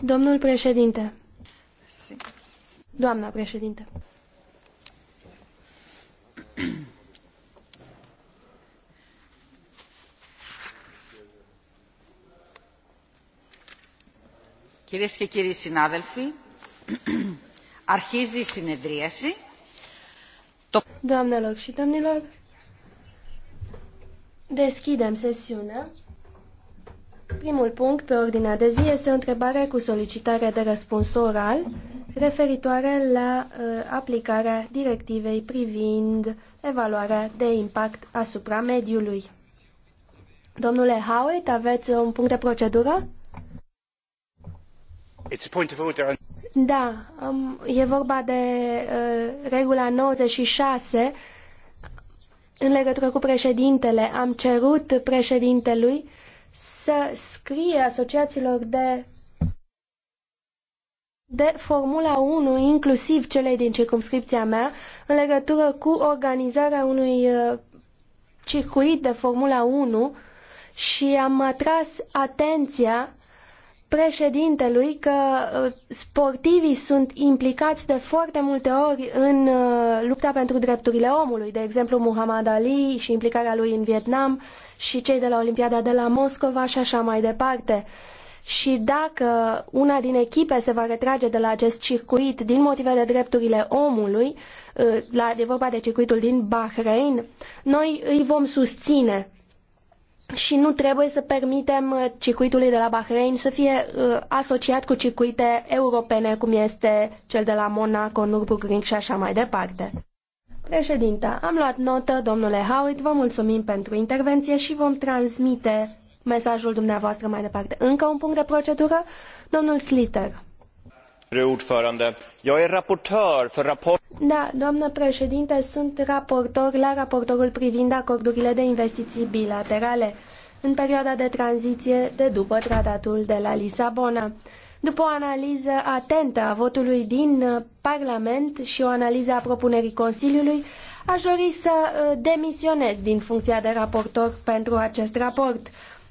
Domnul președinte. Doamna președinte. Κυρίες και κύριοι συνάδελφοι, αρχίζει η συνεδρίαση. Doamnelor și domnilor, Deschidem sesiunea. Primul punct pe ordinea de zi este o întrebare cu solicitare de răspuns oral referitoare la uh, aplicarea directivei privind evaluarea de impact asupra mediului. Domnule Howitt, aveți un punct de procedură? It's a point of order. Da, um, e vorba de uh, regula 96 în legătură cu președintele, am cerut președintelui să scrie asociațiilor de de Formula 1, inclusiv celei din circumscripția mea, în legătură cu organizarea unui uh, circuit de Formula 1 și am atras atenția președintelui că uh, sportivii sunt implicați de foarte multe ori în uh, lupta pentru drepturile omului, de exemplu Muhammad Ali și implicarea lui în Vietnam și cei de la Olimpiada de la Moscova și așa mai departe. Și dacă una din echipe se va retrage de la acest circuit din motive de drepturile omului, uh, la, e vorba de circuitul din Bahrain, noi îi vom susține și nu trebuie să permitem uh, circuitului de la Bahrain să fie uh, asociat cu circuite europene, cum este cel de la Monaco, Nürburgring și așa mai departe. Președinte, am luat notă, domnule Howitt, vă mulțumim pentru intervenție și vom transmite mesajul dumneavoastră mai departe. Încă un punct de procedură? Domnul Sliter. Da, doamnă președinte, sunt raportor la raportorul privind acordurile de investiții bilaterale în perioada de tranziție de după tratatul de la Lisabona. După o analiză atentă a votului din uh, Parlament și o analiză a propunerii Consiliului, aș dori să uh, demisionez din funcția de raportor pentru acest raport,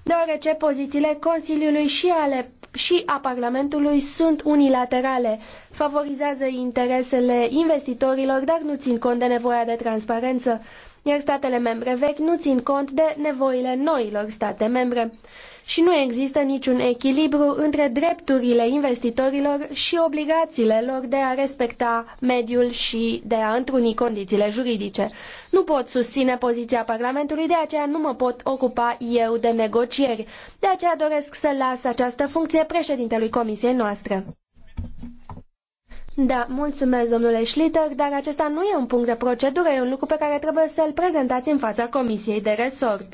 deoarece pozițiile Consiliului și ale și a Parlamentului sunt unilaterale, favorizează interesele investitorilor, dar nu țin cont de nevoia de transparență iar statele membre vechi nu țin cont de nevoile noilor state membre și nu există niciun echilibru între drepturile investitorilor și obligațiile lor de a respecta mediul și de a întruni condițiile juridice. Nu pot susține poziția Parlamentului, de aceea nu mă pot ocupa eu de negocieri. De aceea doresc să las această funcție președintelui comisiei noastre. Da, mulțumesc, domnule Schlitter, dar acesta nu e un punct de procedură, e un lucru pe care trebuie să-l prezentați în fața Comisiei de Resort.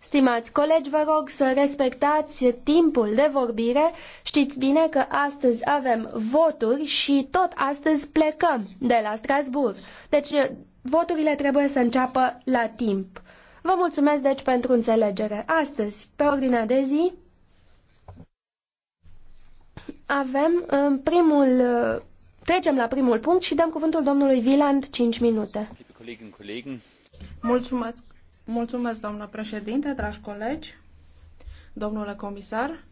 Stimați colegi, vă rog să respectați timpul de vorbire. Știți bine că astăzi avem voturi și tot astăzi plecăm de la Strasbourg. Deci voturile trebuie să înceapă la timp. Vă mulțumesc deci pentru înțelegere. Astăzi, pe ordinea de zi, avem în primul Trecem la primul punct și dăm cuvântul domnului Viland 5 minute. Mulțumesc, mulțumesc doamnă președinte, dragi colegi, domnule comisar.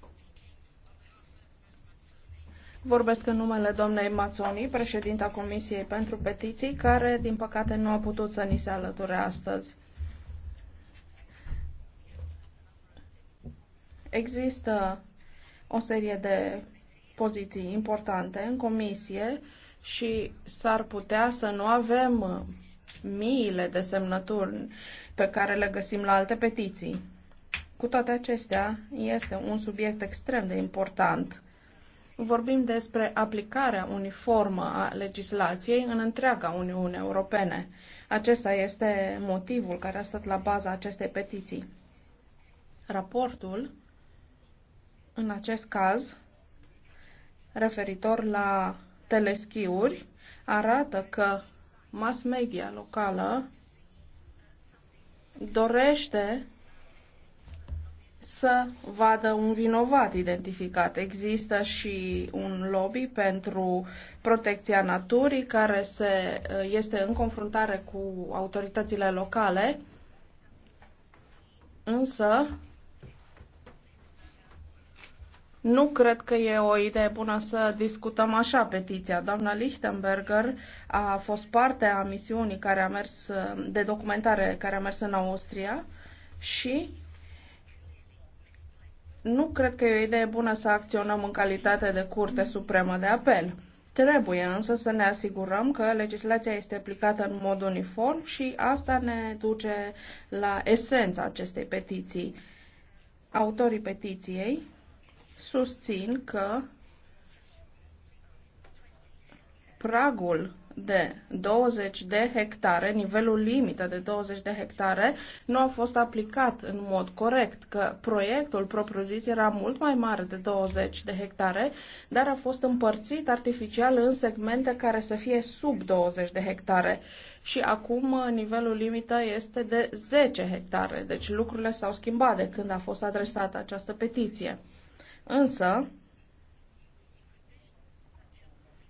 Vorbesc în numele doamnei Mazzoni, președinta Comisiei pentru Petiții, care, din păcate, nu a putut să ni se alăture astăzi. Există o serie de poziții importante în comisie și s-ar putea să nu avem uh, miile de semnături pe care le găsim la alte petiții. Cu toate acestea, este un subiect extrem de important. Vorbim despre aplicarea uniformă a legislației în întreaga Uniune Europene. Acesta este motivul care a stat la baza acestei petiții. Raportul, în acest caz, referitor la teleschiuri arată că mass media locală dorește să vadă un vinovat identificat. Există și un lobby pentru protecția naturii care se, este în confruntare cu autoritățile locale, însă nu cred că e o idee bună să discutăm așa petiția. Doamna Lichtenberger a fost parte a misiunii care a mers de documentare care a mers în Austria și nu cred că e o idee bună să acționăm în calitate de Curte Supremă de Apel. Trebuie însă să ne asigurăm că legislația este aplicată în mod uniform și asta ne duce la esența acestei petiții. Autorii petiției susțin că pragul de 20 de hectare, nivelul limită de 20 de hectare, nu a fost aplicat în mod corect, că proiectul propriu-zis era mult mai mare de 20 de hectare, dar a fost împărțit artificial în segmente care să fie sub 20 de hectare. Și acum uh, nivelul limită este de 10 hectare, deci lucrurile s-au schimbat de când a fost adresată această petiție. Însă,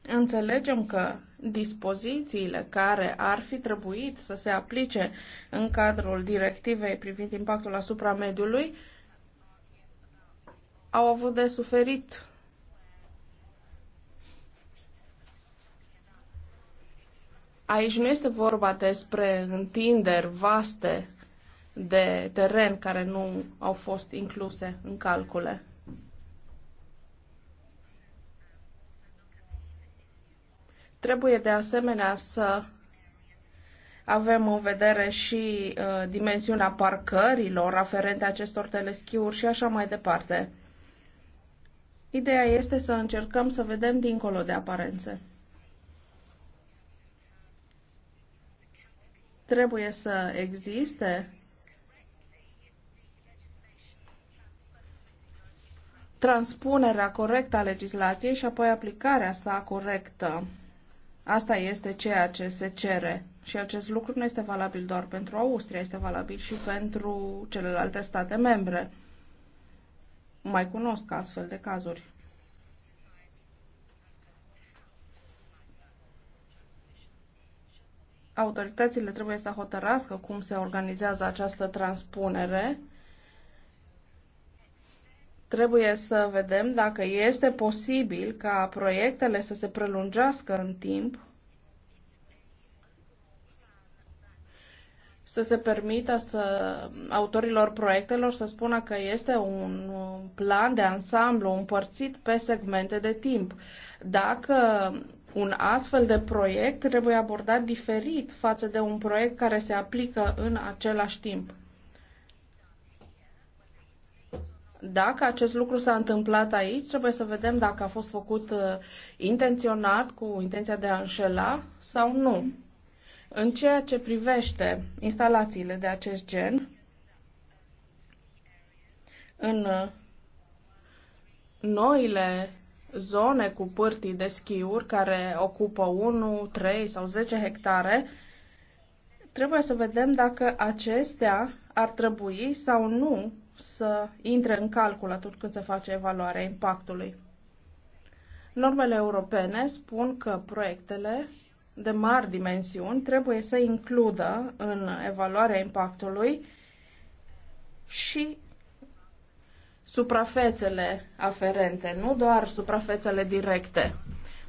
înțelegem că dispozițiile care ar fi trebuit să se aplice în cadrul directivei privind impactul asupra mediului au avut de suferit Aici nu este vorba despre întinderi vaste de teren care nu au fost incluse în calcule. Trebuie de asemenea să avem în vedere și uh, dimensiunea parcărilor aferente acestor teleschiuri și așa mai departe. Ideea este să încercăm să vedem dincolo de aparențe. Trebuie să existe transpunerea corectă a legislației și apoi aplicarea sa corectă Asta este ceea ce se cere. Și acest lucru nu este valabil doar pentru Austria, este valabil și pentru celelalte state membre. Mai cunosc astfel de cazuri. Autoritățile trebuie să hotărască cum se organizează această transpunere Trebuie să vedem dacă este posibil ca proiectele să se prelungească în timp, să se permită să, autorilor proiectelor să spună că este un plan de ansamblu împărțit pe segmente de timp. Dacă un astfel de proiect trebuie abordat diferit față de un proiect care se aplică în același timp. Dacă acest lucru s-a întâmplat aici, trebuie să vedem dacă a fost făcut uh, intenționat, cu intenția de a înșela sau nu. În ceea ce privește instalațiile de acest gen, în uh, noile zone cu pârtii de schiuri care ocupă 1, 3 sau 10 hectare, trebuie să vedem dacă acestea ar trebui sau nu să intre în calcul atunci când se face evaluarea impactului. Normele europene spun că proiectele de mari dimensiuni trebuie să includă în evaluarea impactului și suprafețele aferente, nu doar suprafețele directe.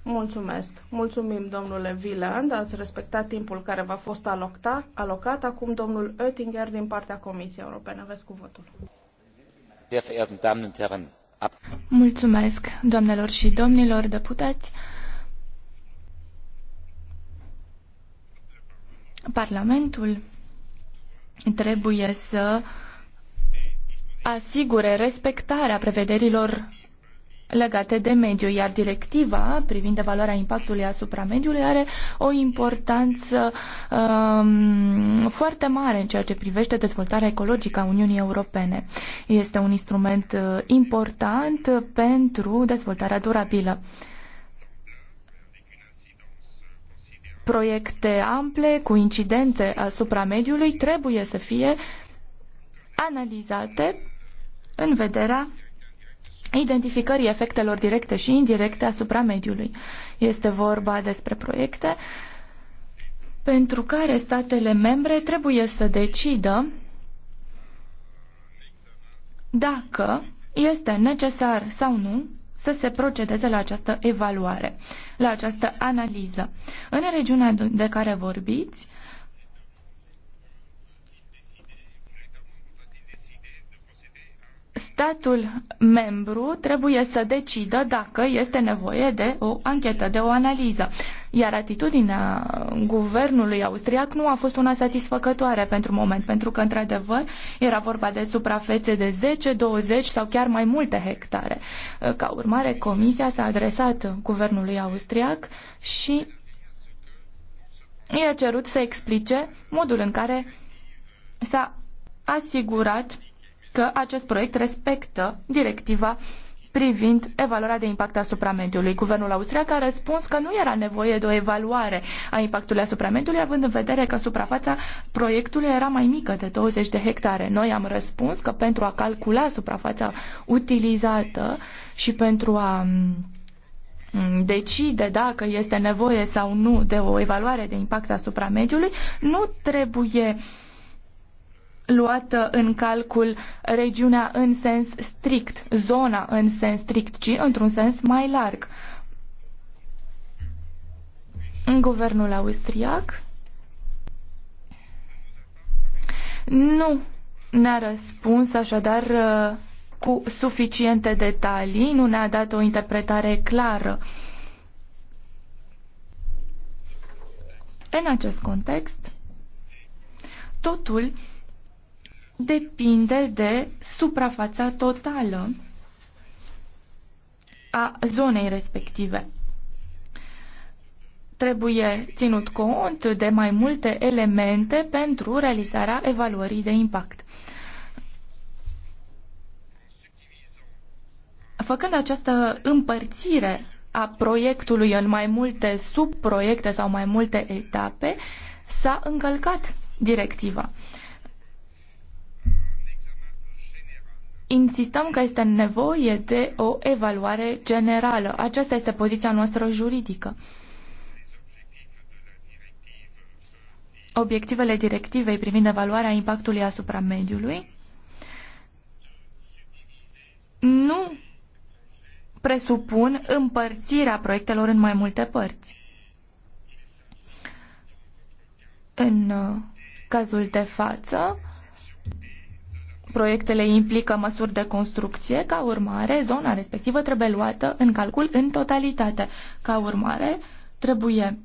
Mulțumesc. Mulțumim, domnule Wieland. Ați respectat timpul care v-a fost alocta, alocat. Acum, domnul Oettinger, din partea Comisiei Europene. Aveți cuvântul sehr verehrten Damen und Herren Mulțumesc, doamnelor și domnilor deputați. Parlamentul trebuie să asigure respectarea prevederilor legate de mediu, iar directiva privind evaluarea impactului asupra mediului are o importanță um, foarte mare în ceea ce privește dezvoltarea ecologică a Uniunii Europene. Este un instrument uh, important pentru dezvoltarea durabilă. Proiecte ample cu incidențe asupra mediului trebuie să fie analizate în vederea identificării efectelor directe și indirecte asupra mediului. Este vorba despre proiecte pentru care statele membre trebuie să decidă dacă este necesar sau nu să se procedeze la această evaluare, la această analiză. În regiunea de care vorbiți, statul membru trebuie să decidă dacă este nevoie de o anchetă, de o analiză. Iar atitudinea guvernului austriac nu a fost una satisfăcătoare pentru moment, pentru că, într-adevăr, era vorba de suprafețe de 10, 20 sau chiar mai multe hectare. Ca urmare, comisia s-a adresat guvernului austriac și i-a cerut să explice modul în care s-a asigurat că acest proiect respectă directiva privind evaluarea de impact asupra mediului. Guvernul austriac a răspuns că nu era nevoie de o evaluare a impactului asupra mediului, având în vedere că suprafața proiectului era mai mică de 20 de hectare. Noi am răspuns că pentru a calcula suprafața utilizată și pentru a decide dacă este nevoie sau nu de o evaluare de impact asupra mediului, nu trebuie uh, Luată în calcul regiunea în sens strict, zona în sens strict, ci într-un sens mai larg. În guvernul austriac nu ne-a răspuns așadar uh, cu suficiente detalii, nu ne-a dat o interpretare clară. În acest context, totul depinde de suprafața totală a zonei respective. Trebuie ținut cont de mai multe elemente pentru realizarea evaluării de impact. Făcând această împărțire a proiectului în mai multe subproiecte sau mai multe etape, s-a încălcat directiva. Uh, insistăm că este nevoie de o evaluare generală. Aceasta este poziția noastră juridică. Obiectivele directivei privind evaluarea impactului asupra mediului nu presupun împărțirea proiectelor în mai multe părți. În uh, cazul de față, proiectele implică măsuri de construcție, ca urmare, zona respectivă trebuie luată în calcul în totalitate. Ca urmare, trebuie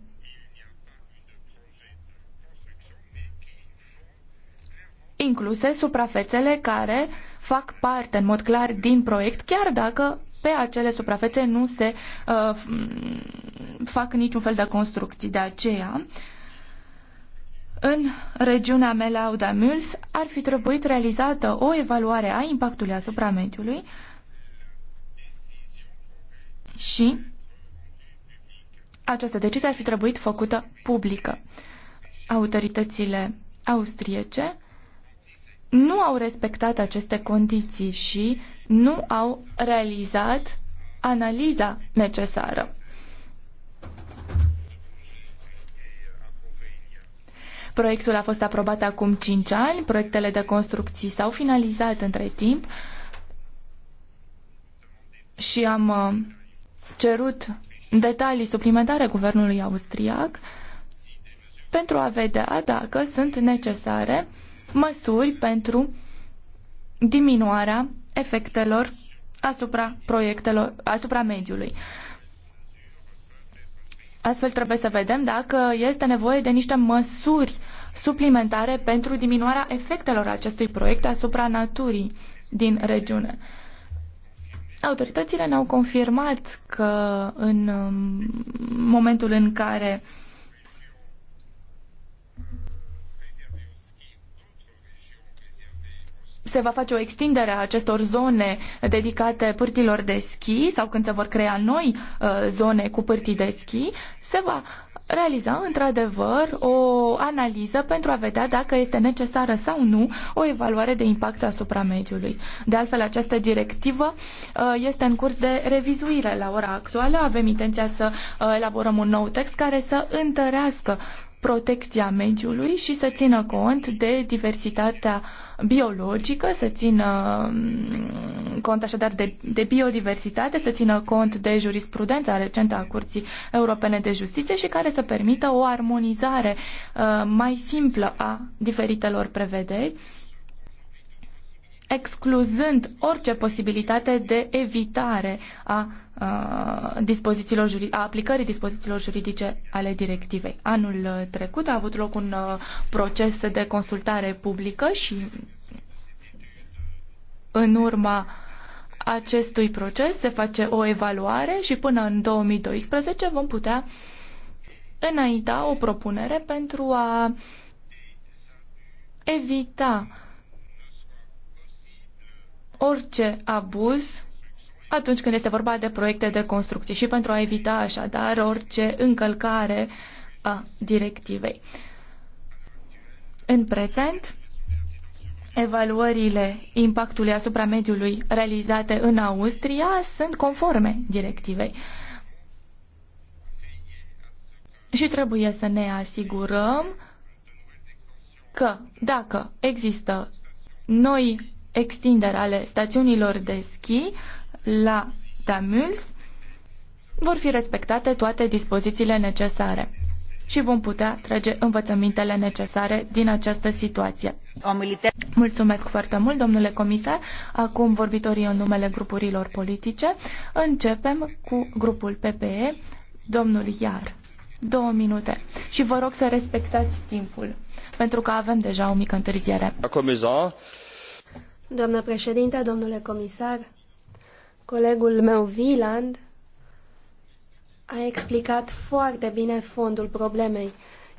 incluse suprafețele care fac parte în mod clar din proiect, chiar dacă pe acele suprafețe nu se uh, fac niciun fel de construcții. De aceea, uh, în regiunea Melauda Mülls Mills, ar fi trebuit realizată o evaluare a impactului asupra mediului și această decizie ar fi trebuit făcută publică. Autoritățile austriece nu au respectat aceste condiții și nu au realizat analiza necesară. Proiectul a fost aprobat acum 5 ani, proiectele de construcții s-au finalizat între timp și am uh, cerut detalii suplimentare guvernului austriac pentru a vedea dacă sunt necesare măsuri pentru diminuarea efectelor asupra proiectelor, asupra mediului. Astfel trebuie să vedem dacă este nevoie de niște măsuri suplimentare pentru diminuarea efectelor acestui proiect asupra naturii din regiune. Autoritățile ne-au confirmat că în um, momentul în care se va face o extindere a acestor zone dedicate pârtilor de schi sau când se vor crea noi uh, zone cu pârtii de schi, se va realiza într-adevăr o analiză pentru a vedea dacă este necesară sau nu o evaluare de impact asupra mediului. De altfel, această directivă uh, este în curs de revizuire la ora actuală. Avem intenția să uh, elaborăm un nou text care să întărească protecția mediului și să țină cont de diversitatea biologică, să țină um, cont așadar de, de biodiversitate, să țină cont de jurisprudența recentă a Curții Europene de Justiție și care să permită o armonizare uh, mai simplă a diferitelor prevederi excluzând orice posibilitate de evitare a, a, uh, dispozițiilor juri, a aplicării dispozițiilor juridice ale directivei. Anul uh, trecut a avut loc un a, uh, proces de consultare publică și în urma acestui proces se face o evaluare și până în 2012 vom putea înainta o propunere pentru a evita orice abuz atunci când este vorba de proiecte de construcții și pentru a evita așadar orice încălcare a directivei. În prezent, evaluările impactului asupra mediului realizate în Austria sunt conforme directivei. Și trebuie să ne asigurăm că dacă există noi extinderi ale stațiunilor de schi la Tamuls, vor fi respectate toate dispozițiile necesare și vom putea trage învățămintele necesare din această situație. Mulțumesc foarte mult, domnule comisar. Acum vorbitorii în numele grupurilor politice. Începem cu grupul PPE, domnul Iar. Două minute. Și vă rog să respectați timpul, pentru că avem deja o mică întârziere. Comisar. Doamnă președinte, domnule comisar, colegul meu Viland a explicat foarte bine fondul problemei.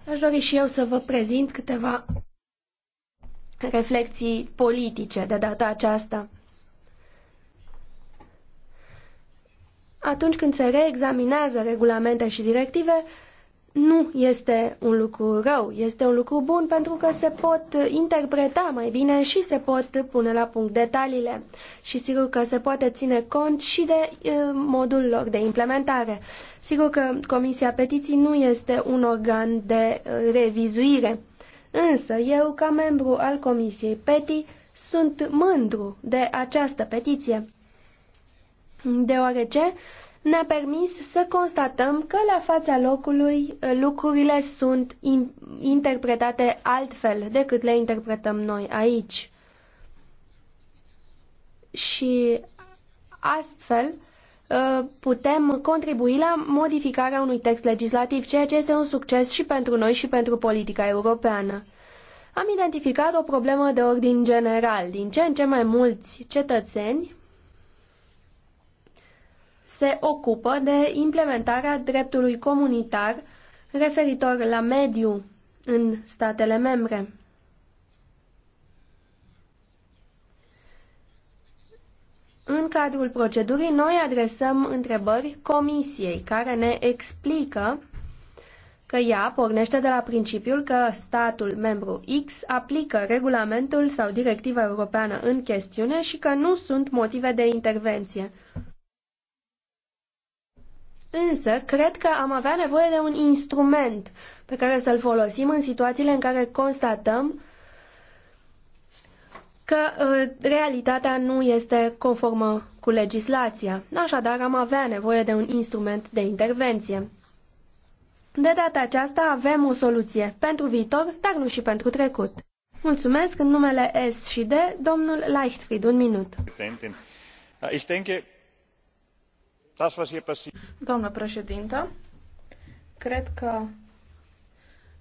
Aș dori și eu să vă prezint câteva reflexii politice de data aceasta. Atunci când se reexaminează regulamente și directive, nu este un lucru rău, este un lucru bun pentru că se pot interpreta mai bine și se pot pune la punct detaliile. Și sigur că se poate ține cont și de modul lor de implementare. Sigur că Comisia Petiții nu este un organ de revizuire, însă eu, ca membru al Comisiei Petii, sunt mândru de această petiție, deoarece ne-a permis să constatăm că la fața locului eh, lucrurile sunt interpretate altfel decât le interpretăm noi aici. Și astfel eh, putem contribui la modificarea unui text legislativ, ceea ce este un succes și pentru noi și pentru politica europeană. Am identificat o problemă de ordin general. Din ce în ce mai mulți cetățeni se ocupă de implementarea dreptului comunitar referitor la mediu în statele membre. În cadrul procedurii, noi adresăm întrebări comisiei care ne explică că ea pornește de la principiul că statul membru X aplică regulamentul sau directiva europeană în chestiune și că nu sunt motive de intervenție. Însă, cred că am avea nevoie de un instrument pe care să-l folosim în situațiile în care constatăm că uh, realitatea nu este conformă cu legislația. Așadar, am avea nevoie de un instrument de intervenție. De data aceasta avem o soluție pentru viitor, dar nu și pentru trecut. Mulțumesc în numele S și D, domnul Leichtfried, un minut. Doamnă președintă, cred că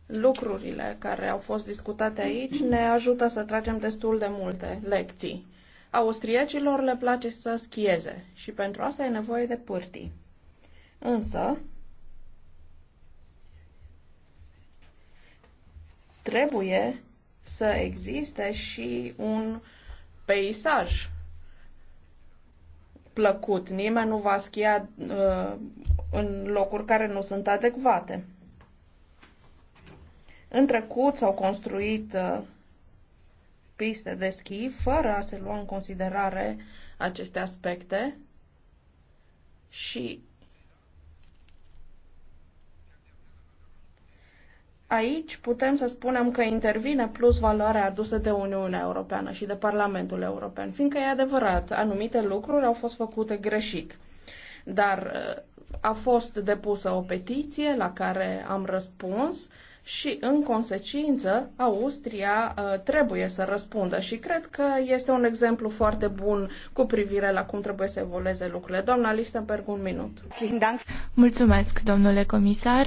lucrurile care au fost discutate aici ne ajută să tragem destul de multe lecții. Austriecilor le place să schieze și pentru asta e nevoie de pârtii. Însă, trebuie să existe și un peisaj plăcut. Nimeni nu va schia uh, în locuri care nu sunt adecvate. În trecut s-au construit uh, piste de schi fără a se lua în considerare aceste aspecte și Aici putem să spunem că intervine plus valoarea adusă de Uniunea Europeană și de Parlamentul European, fiindcă e adevărat, anumite lucruri au fost făcute greșit. Dar uh, a fost depusă o petiție la care am răspuns și, în consecință, Austria uh, trebuie să răspundă și cred că este un exemplu foarte bun cu privire la cum trebuie să evolueze lucrurile. Doamna Listenberg, un minut. Mulțumesc, domnule comisar.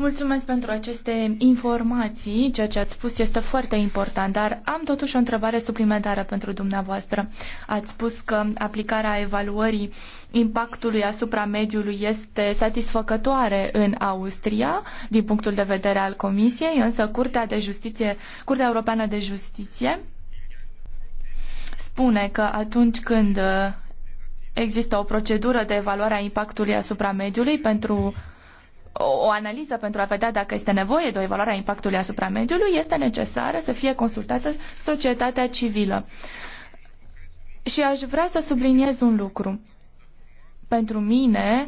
Mulțumesc pentru aceste informații. Ceea ce ați spus este foarte important, dar am totuși o întrebare suplimentară pentru dumneavoastră. Ați spus că aplicarea evaluării impactului asupra mediului este satisfăcătoare în Austria, din punctul de vedere al Comisiei, însă Curtea de Justiție, Curtea Europeană de Justiție spune că atunci când există o procedură de evaluare a impactului asupra mediului pentru o analiză pentru a vedea dacă este nevoie de o evaluare a impactului asupra mediului, este necesară să fie consultată societatea civilă. Și aș vrea să subliniez un lucru. Pentru mine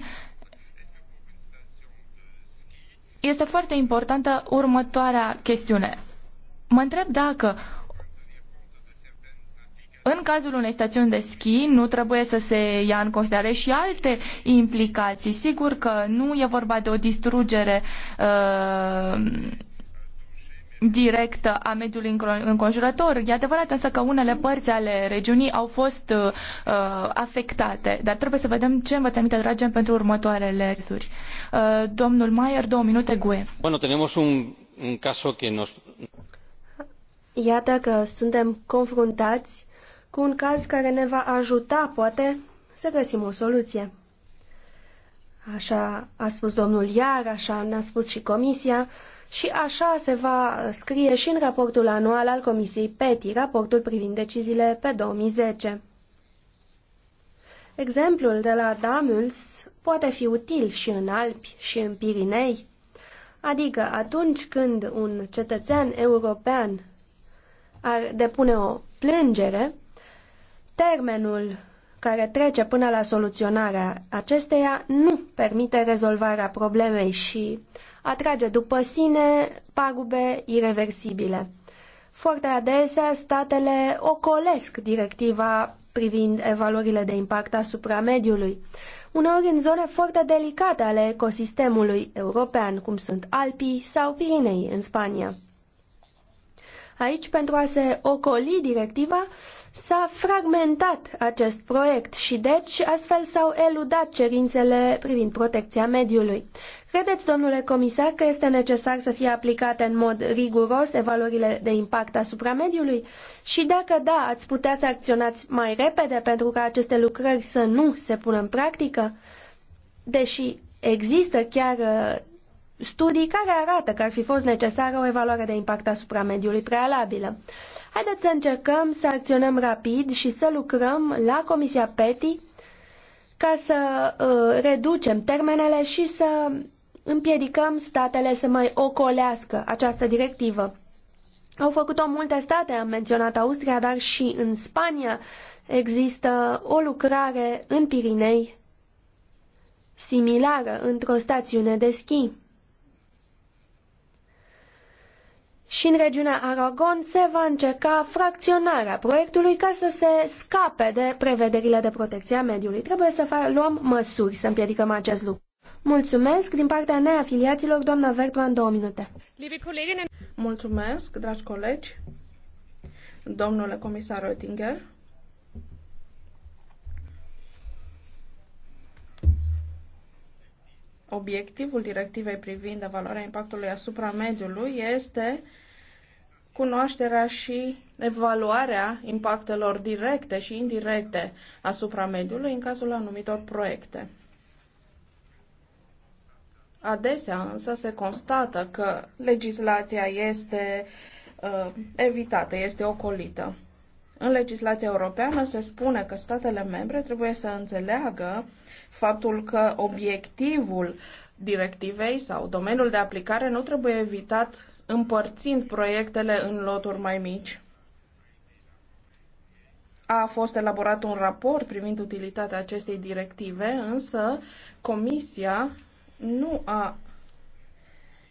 este foarte importantă următoarea chestiune. Mă întreb dacă în cazul unei stațiuni de schi nu trebuie să se ia în considerare și alte implicații. Sigur că nu e vorba de o distrugere uh, directă a mediului înconjurător. E adevărat însă că unele părți ale regiunii au fost uh, afectate, dar trebuie să vedem ce învățăminte tragem pentru următoarele zuri. Uh, domnul Maier, două minute, GUE. Bueno, tenemos un, un caso que nos... Iată că suntem confruntați cu un caz care ne va ajuta, poate, să găsim o soluție. Așa a spus domnul Iar, așa ne-a spus și comisia și așa se va scrie și în raportul anual al comisiei PETI, raportul privind deciziile pe 2010. Exemplul de la Damuls poate fi util și în Alpi și în Pirinei, adică atunci când un cetățean european ar depune o plângere, Termenul care trece până la soluționarea acesteia nu permite rezolvarea problemei și atrage după sine pagube irreversibile. Foarte adesea, statele ocolesc directiva privind evaluările de impact asupra mediului, uneori în zone foarte delicate ale ecosistemului european, cum sunt Alpii sau Pirinei în Spania. Aici, pentru a se ocoli directiva, S-a fragmentat acest proiect și deci astfel s-au eludat cerințele privind protecția mediului. Credeți, domnule comisar, că este necesar să fie aplicate în mod riguros evaluările de impact asupra mediului? Și dacă da, ați putea să acționați mai repede pentru ca aceste lucrări să nu se pună în practică? Deși există chiar studii care arată că ar fi fost necesară o evaluare de impact asupra mediului prealabilă. Haideți să încercăm să acționăm rapid și să lucrăm la Comisia PETI ca să uh, reducem termenele și să împiedicăm statele să mai ocolească această directivă. Au făcut-o multe state, am menționat Austria, dar și în Spania există o lucrare în Pirinei similară într-o stațiune de schimb. și în regiunea Aragon se va încerca fracționarea proiectului ca să se scape de prevederile de protecție a mediului. Trebuie să luăm măsuri să împiedicăm acest lucru. Mulțumesc din partea neafiliaților, doamna Vertman, două minute. Mulțumesc, dragi colegi, domnule comisar Oettinger. Obiectivul directivei privind evaluarea impactului asupra mediului este cunoașterea și evaluarea impactelor directe și indirecte asupra mediului în cazul anumitor proiecte. Adesea însă se constată că legislația este uh, evitată, este ocolită. În legislația europeană se spune că statele membre trebuie să înțeleagă faptul că obiectivul directivei sau domeniul de aplicare nu trebuie evitat împărțind proiectele în loturi mai mici. A fost elaborat un raport privind utilitatea acestei directive, însă Comisia nu a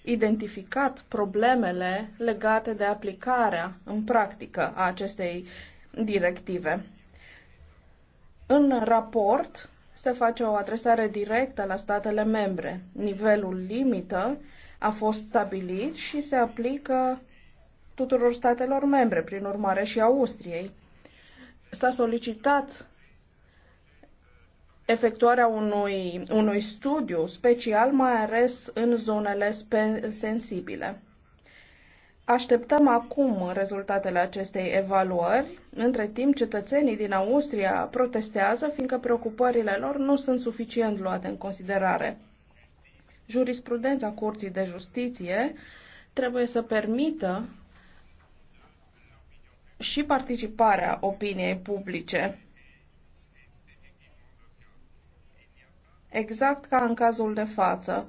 identificat problemele legate de aplicarea în practică a acestei directive. În raport se face o adresare directă la statele membre. Nivelul limită a fost stabilit și se aplică tuturor statelor membre, prin urmare și Austriei. S-a solicitat efectuarea unui, unui studiu special, mai ales în zonele sensibile. Așteptăm acum rezultatele acestei evaluări. Între timp, cetățenii din Austria protestează fiindcă preocupările lor nu sunt suficient luate în considerare. Jurisprudența Curții de Justiție trebuie să permită și participarea opiniei publice. Exact ca în cazul de față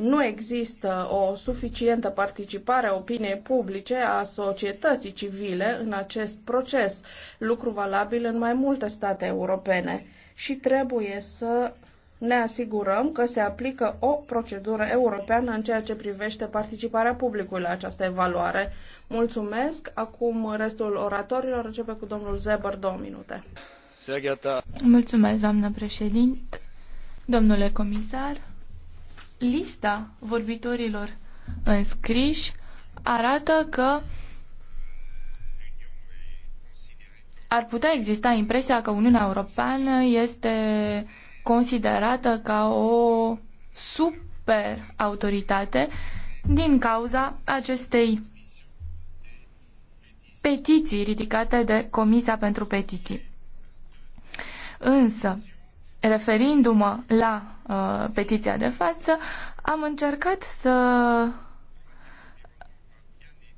nu există o suficientă participare a opiniei publice, a societății civile în acest proces, lucru valabil în mai multe state europene și trebuie să ne asigurăm că se aplică o procedură europeană în ceea ce privește participarea publicului la această evaluare. Mulțumesc. Acum restul oratorilor începe cu domnul Zeber, două minute. Mulțumesc, doamnă președinte. Domnule comisar, lista vorbitorilor înscriși arată că ar putea exista impresia că Uniunea Europeană este considerată ca o super autoritate din cauza acestei petiții ridicate de Comisia pentru Petiții. Însă, referindu-mă la Uh, petiția de față, am încercat să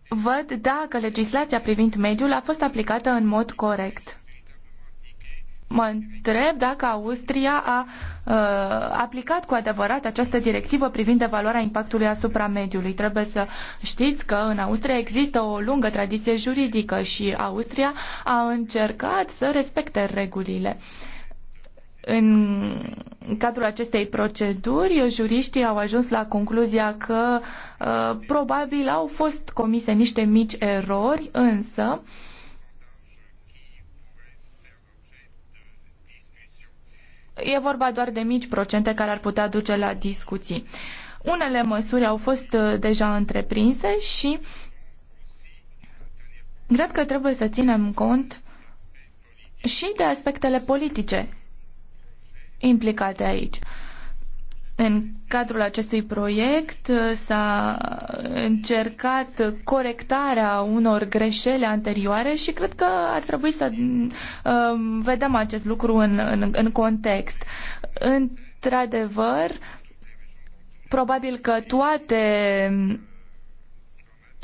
văd dacă legislația privind mediul a fost aplicată în mod corect. Mă întreb dacă Austria a uh, aplicat cu adevărat această directivă privind evaluarea impactului asupra mediului. Trebuie să știți că în Austria există o lungă tradiție juridică și Austria a încercat să respecte regulile. Uh, în cadrul acestei proceduri, juriștii au ajuns la concluzia că uh, probabil au fost comise niște mici erori, însă e vorba doar de mici procente care ar putea duce la discuții. Unele măsuri au fost uh, deja întreprinse și cred că trebuie să ținem cont și de aspectele politice implicate aici. În cadrul acestui proiect uh, s-a încercat corectarea unor greșeli anterioare și cred că ar trebui să uh, vedem acest lucru în, în, în context. Într-adevăr, probabil că toate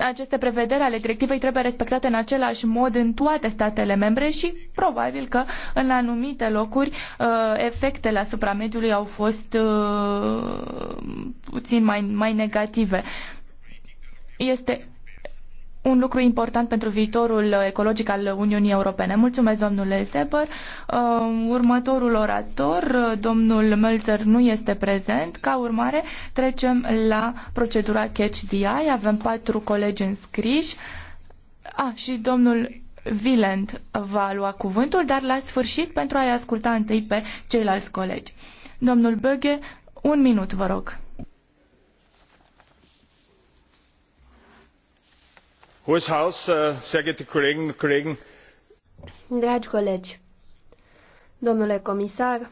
aceste prevederi ale directivei trebuie respectate în același mod în toate statele membre și probabil că în anumite locuri uh, efectele asupra mediului au fost uh, puțin mai, mai negative. Este un lucru important pentru viitorul ecologic al Uniunii Europene. Mulțumesc, domnule Seber. Um, următorul orator, domnul Melzer, nu este prezent. Ca urmare, trecem la procedura Catch the Eye. Avem patru colegi înscriși. A, și domnul Vilent va lua cuvântul, dar la sfârșit pentru a-i asculta întâi pe ceilalți colegi. Domnul Böge, un minut, vă rog. hohes haus uh, sehr geehrte kolleginnen und kollegen! dragi colegi domnule comisar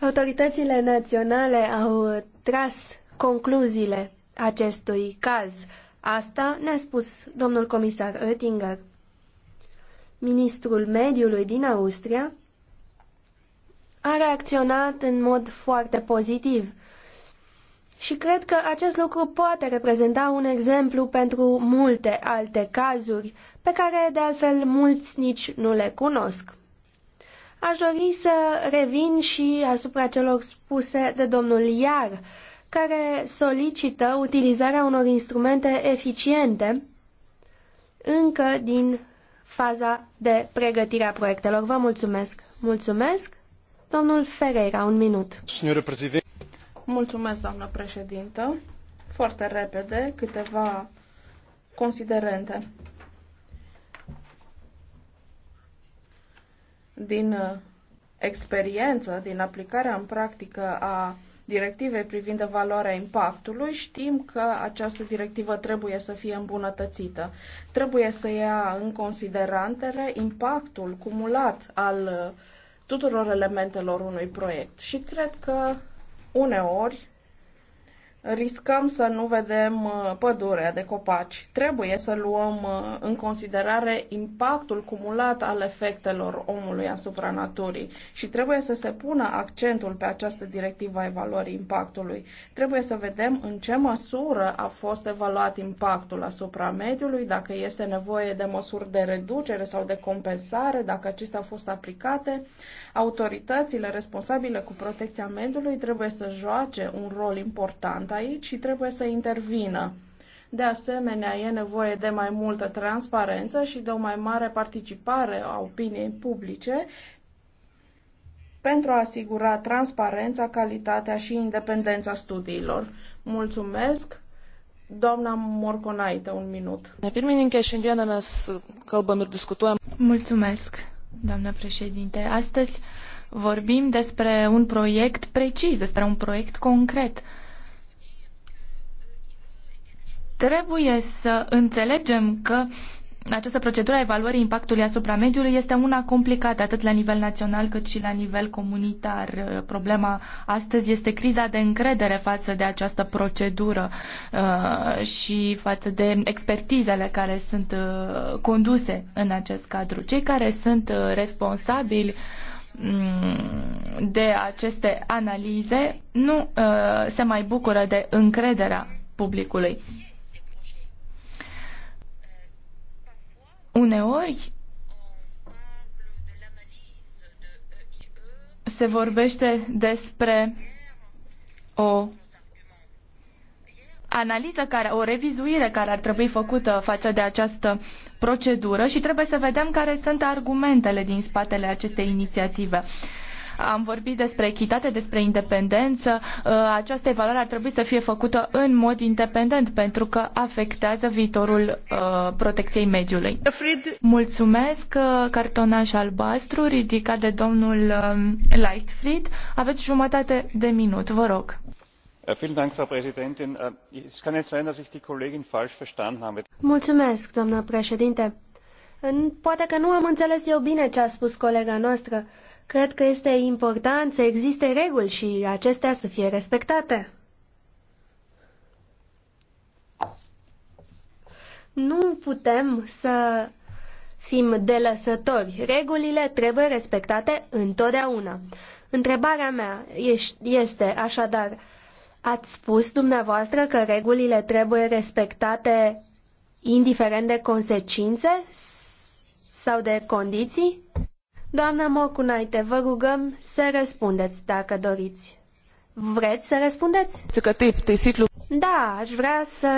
autoritățile naționale au tras concluziile acestui caz. Asta ne-a spus domnul comisar Oettinger. Ministrul mediului din Austria a reacționat în mod foarte pozitiv. Și cred că acest lucru poate reprezenta un exemplu pentru multe alte cazuri, pe care de altfel mulți nici nu le cunosc. Aș dori să revin și asupra celor spuse de domnul Iar, care solicită utilizarea unor instrumente eficiente încă din faza de pregătire a proiectelor. Vă mulțumesc! Mulțumesc! Domnul Ferreira, un minut. Mulțumesc, doamnă președintă. Foarte repede, câteva considerente. Din uh, experiență, din aplicarea în practică a directivei privind evaluarea impactului, știm că această directivă trebuie să fie îmbunătățită. Trebuie să ia în considerare impactul cumulat al uh, tuturor elementelor unui proiect. Și cred că uneori riscăm să nu vedem uh, pădurea de copaci. Trebuie să luăm uh, în considerare impactul cumulat al efectelor omului asupra naturii și trebuie să se pună accentul pe această directivă a evaluării impactului. Trebuie să vedem în ce măsură a fost evaluat impactul asupra mediului, dacă este nevoie de măsuri de reducere sau de compensare, dacă acestea au fost aplicate. Autoritățile responsabile cu protecția mediului trebuie să joace un rol important aici și trebuie să intervină. De asemenea, e nevoie de mai multă transparență și de o mai mare participare a opiniei publice pentru a asigura transparența, calitatea și independența studiilor. Mulțumesc! Doamna Morconaite, un minut. Ne pirmininkė, šiandieną mes kalbam ir discutăm. Mulțumesc, doamna președinte. Astăzi vorbim despre un proiect precis, despre un proiect concret Trebuie să înțelegem că această procedură a evaluării impactului asupra mediului este una complicată atât la nivel național cât și la nivel comunitar. Problema astăzi este criza de încredere față de această procedură uh, și față de expertizele care sunt uh, conduse în acest cadru. Cei care sunt uh, responsabili mm, de aceste analize nu uh, se mai bucură de încrederea publicului. Uneori se vorbește despre o analiză care, o revizuire care ar trebui făcută față de această procedură și trebuie să vedem care sunt argumentele din spatele acestei inițiative am vorbit despre echitate, despre independență. Uh, această evaluare ar trebui să fie făcută în mod independent pentru că afectează viitorul uh, protecției mediului. Mulțumesc, uh, cartonaș albastru ridicat de domnul um, Lightfried. Aveți jumătate de minut, vă rog frau präsidentin! es kann nicht sein dass ich die kollegin falsch verstanden habe. Mulțumesc, doamnă președinte. Poate că nu am înțeles eu bine ce a spus colega noastră. Cred că este important să existe reguli și acestea să fie respectate. Nu putem să fim delăsători. Regulile trebuie respectate întotdeauna. Întrebarea mea este așadar, ați spus dumneavoastră că regulile trebuie respectate indiferent de consecințe sau de condiții? Doamna Mocunaite, vă rugăm să răspundeți dacă doriți. Vreți să răspundeți? te Da, aș vrea să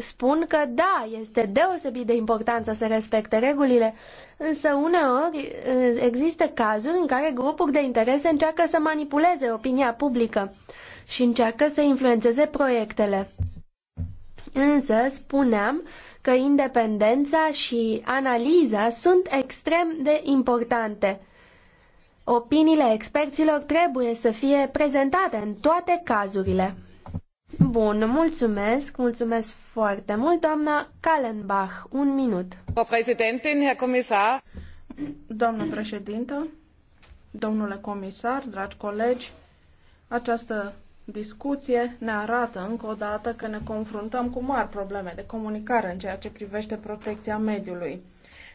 spun că da, este deosebit de important să se respecte regulile, însă uneori eh, există cazuri în care grupuri de interese încearcă să manipuleze opinia publică și încearcă să influențeze proiectele. Însă, spuneam că independența și analiza sunt extrem de importante. Opiniile experților trebuie să fie prezentate în toate cazurile. Bun, mulțumesc, mulțumesc foarte mult, doamna Kallenbach. Un minut. Doamnă președintă, domnule comisar, dragi colegi, această discuție ne arată încă o dată că ne confruntăm cu mari probleme de comunicare în ceea ce privește protecția mediului.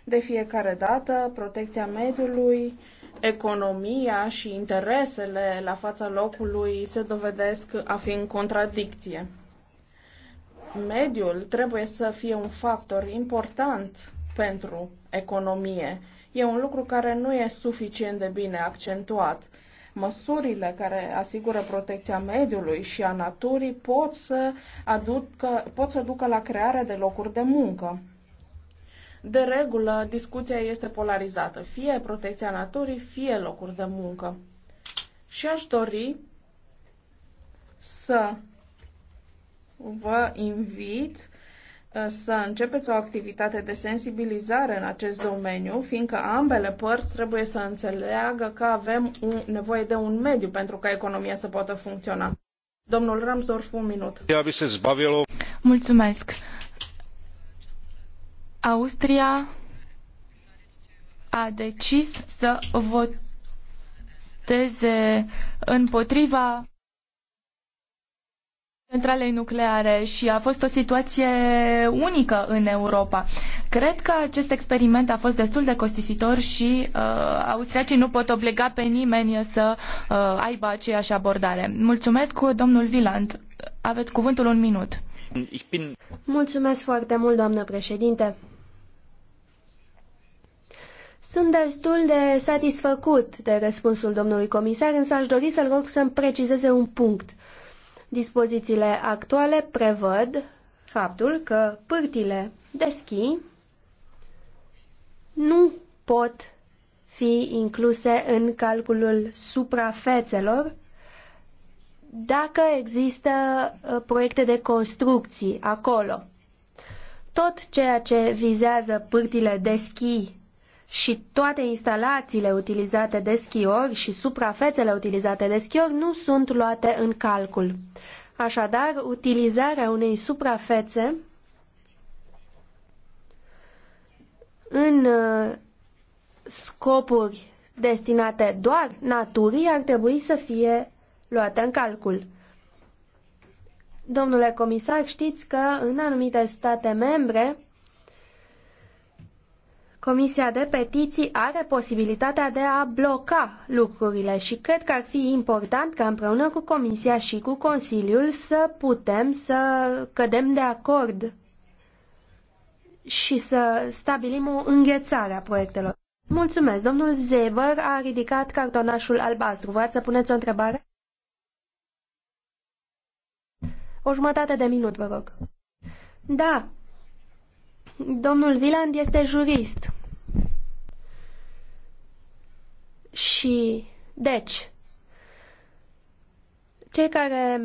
De fiecare dată, protecția mediului, economia și interesele la fața locului se dovedesc a fi în contradicție. Mediul trebuie să fie un factor important pentru economie. E un lucru care nu e suficient de bine accentuat măsurile care asigură protecția mediului și a naturii pot să, aducă, pot să ducă la crearea de locuri de muncă. De regulă, discuția este polarizată, fie protecția naturii, fie locuri de muncă. Și aș dori să vă invit Uh, să începeți o activitate de sensibilizare în acest domeniu, fiindcă ambele părți trebuie să înțeleagă că avem un, nevoie de un mediu pentru ca economia să poată funcționa. Domnul Ramsdorf, un minut. Mulțumesc. Austria a decis să voteze împotriva centralei nucleare și a fost o situație unică în Europa. Cred că acest experiment a fost destul de costisitor și uh, austriacii nu pot obliga pe nimeni să uh, aibă aceeași abordare. Mulțumesc, domnul Viland. Aveți cuvântul un minut. Mulțumesc foarte mult, doamnă președinte. Sunt destul de satisfăcut de răspunsul domnului comisar, însă aș dori să-l rog să-mi precizeze un punct. Dispozițiile actuale prevăd faptul că pârtile de schi nu pot fi incluse în calculul suprafețelor dacă există uh, proiecte de construcții acolo. Tot ceea ce vizează pârtile de schi și toate instalațiile utilizate de schiori și suprafețele utilizate de schiori nu sunt luate în calcul. Așadar, utilizarea unei suprafețe în uh, scopuri destinate doar naturii ar trebui să fie luate în calcul. Domnule comisar, știți că în anumite state membre Comisia de Petiții are posibilitatea de a bloca lucrurile și cred că ar fi important ca împreună cu Comisia și cu Consiliul să putem să cădem de acord și să stabilim o înghețare a proiectelor. Mulțumesc. Domnul Zeber a ridicat cartonașul albastru. Vreați să puneți o întrebare? O jumătate de minut, vă rog. Da, Domnul Viland este jurist. Și, deci, cei care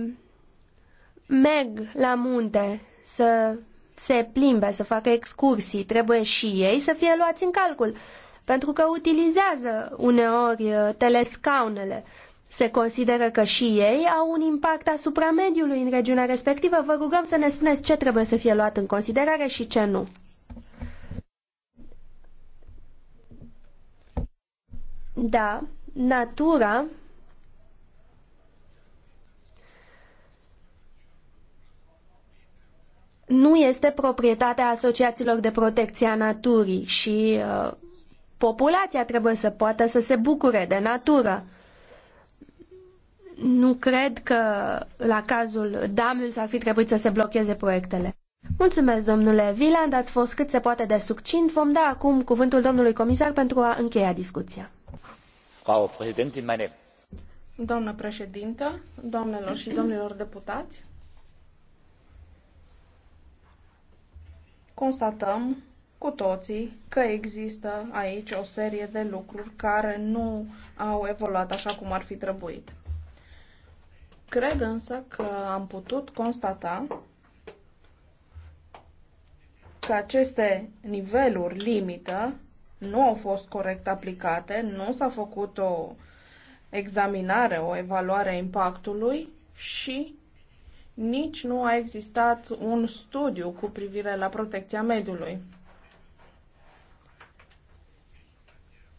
merg la munte să se plimbe, să facă excursii, trebuie și ei să fie luați în calcul, pentru că utilizează uneori uh, telescaunele. Uh, se consideră că și ei au un impact asupra mediului în regiunea respectivă. Vă rugăm să ne spuneți ce trebuie să fie luat în considerare și ce nu. Da, natura nu este proprietatea asociațiilor de protecție a naturii și uh, populația trebuie să poată să se bucure de natură nu cred că la cazul Damul ar fi trebuit să se blocheze proiectele. Mulțumesc, domnule Viland, ați fost cât se poate de succint. Vom da acum cuvântul domnului comisar pentru a încheia discuția. Frau Präsidentin, Doamnă președintă, doamnelor și domnilor deputați, constatăm cu toții că există aici o serie de lucruri care nu au evoluat așa cum ar fi trebuit. Cred însă că am putut constata că aceste niveluri limită nu au fost corect aplicate, nu s-a făcut o examinare, o evaluare a impactului și nici nu a existat un studiu cu privire la protecția mediului.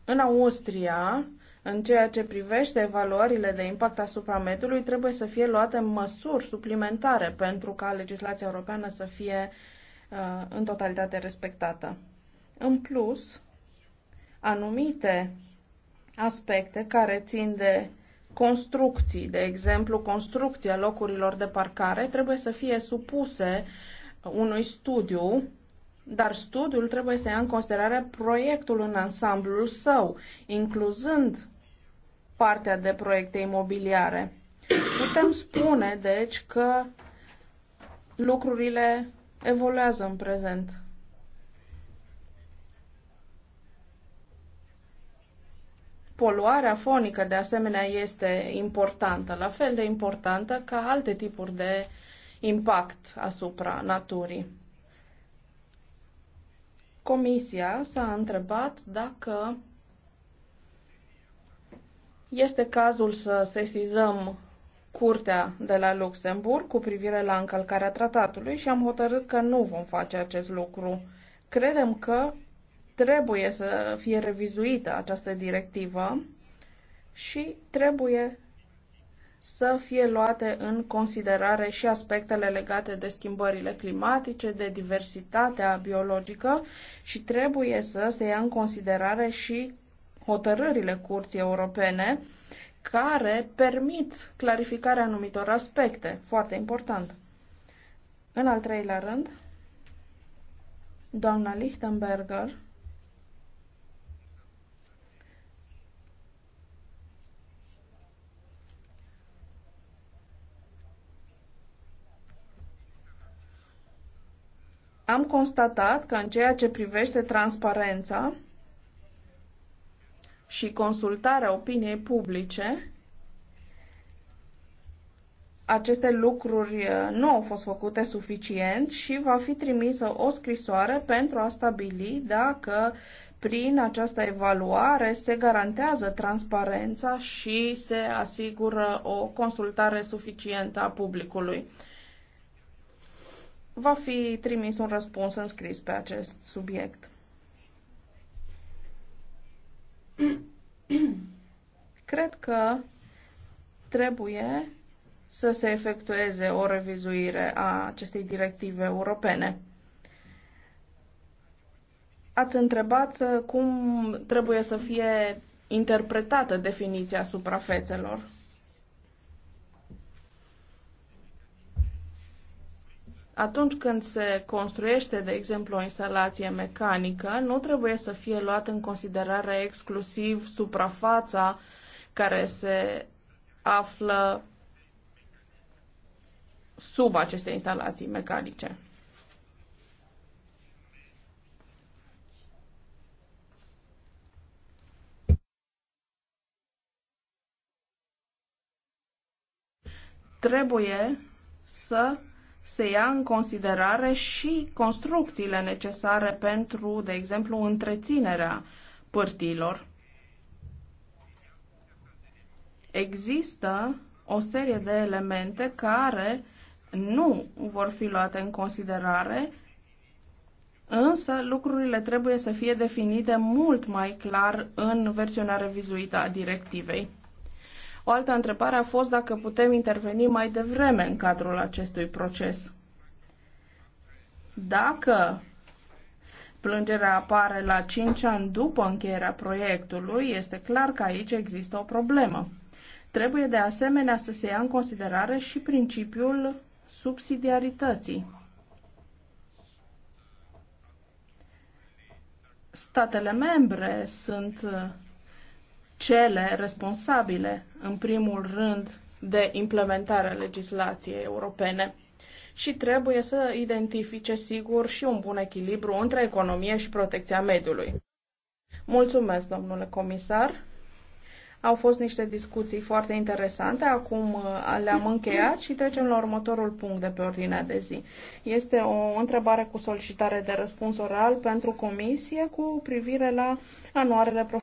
În Austria, în ceea ce privește evaluările de impact asupra mediului, trebuie să fie luate măsuri suplimentare pentru ca legislația europeană să fie uh, în totalitate respectată. În plus, anumite aspecte care țin de construcții, de exemplu, construcția locurilor de parcare trebuie să fie supuse unui studiu, dar studiul trebuie să ia în considerare proiectul în ansamblul său, incluzând partea de proiecte imobiliare. Putem spune, deci, că lucrurile evoluează în prezent. Poluarea fonică, de asemenea, este importantă, la fel de importantă ca alte tipuri de impact asupra naturii. Comisia s-a întrebat dacă este cazul să sesizăm Curtea de la Luxemburg cu privire la încălcarea tratatului și am hotărât că nu vom face acest lucru. Credem că trebuie să fie revizuită această directivă și trebuie să fie luate în considerare și aspectele legate de schimbările climatice, de diversitatea biologică și trebuie să se ia în considerare și hotărârile Curții Europene care permit clarificarea anumitor aspecte. Foarte important. În al treilea rând, doamna Lichtenberger am constatat că în ceea ce privește transparența, și consultarea opiniei publice, aceste lucruri uh, nu au fost făcute suficient și va fi trimisă o scrisoare pentru a stabili dacă prin această evaluare se garantează transparența și se asigură o consultare suficientă a publicului. Va fi trimis un răspuns scris pe acest subiect. Cred că trebuie să se efectueze o revizuire a acestei directive europene. Ați întrebat uh, cum trebuie să fie interpretată definiția suprafețelor. Atunci când se construiește, de exemplu, o instalație mecanică, nu trebuie să fie luată în considerare exclusiv suprafața care se află sub aceste instalații mecanice. Trebuie să se ia în considerare și construcțiile necesare pentru, de exemplu, întreținerea pârtilor. Există o serie de elemente care nu vor fi luate în considerare, însă lucrurile trebuie să fie definite mult mai clar în versiunea revizuită a directivei. O altă întrebare a fost dacă putem interveni mai devreme în cadrul acestui proces. Dacă plângerea apare la 5 ani după încheierea proiectului, este clar că aici există o problemă. Trebuie de asemenea să se ia în considerare și principiul subsidiarității. Statele membre sunt cele responsabile, în primul rând, de implementarea legislației europene și trebuie să identifice, sigur, și un bun echilibru între economie și protecția mediului. Mulțumesc, domnule comisar. Au fost niște discuții foarte interesante, acum uh, le-am încheiat și trecem la următorul punct de pe ordinea de zi. Este o întrebare cu solicitare de răspuns oral pentru comisie cu privire la anuarele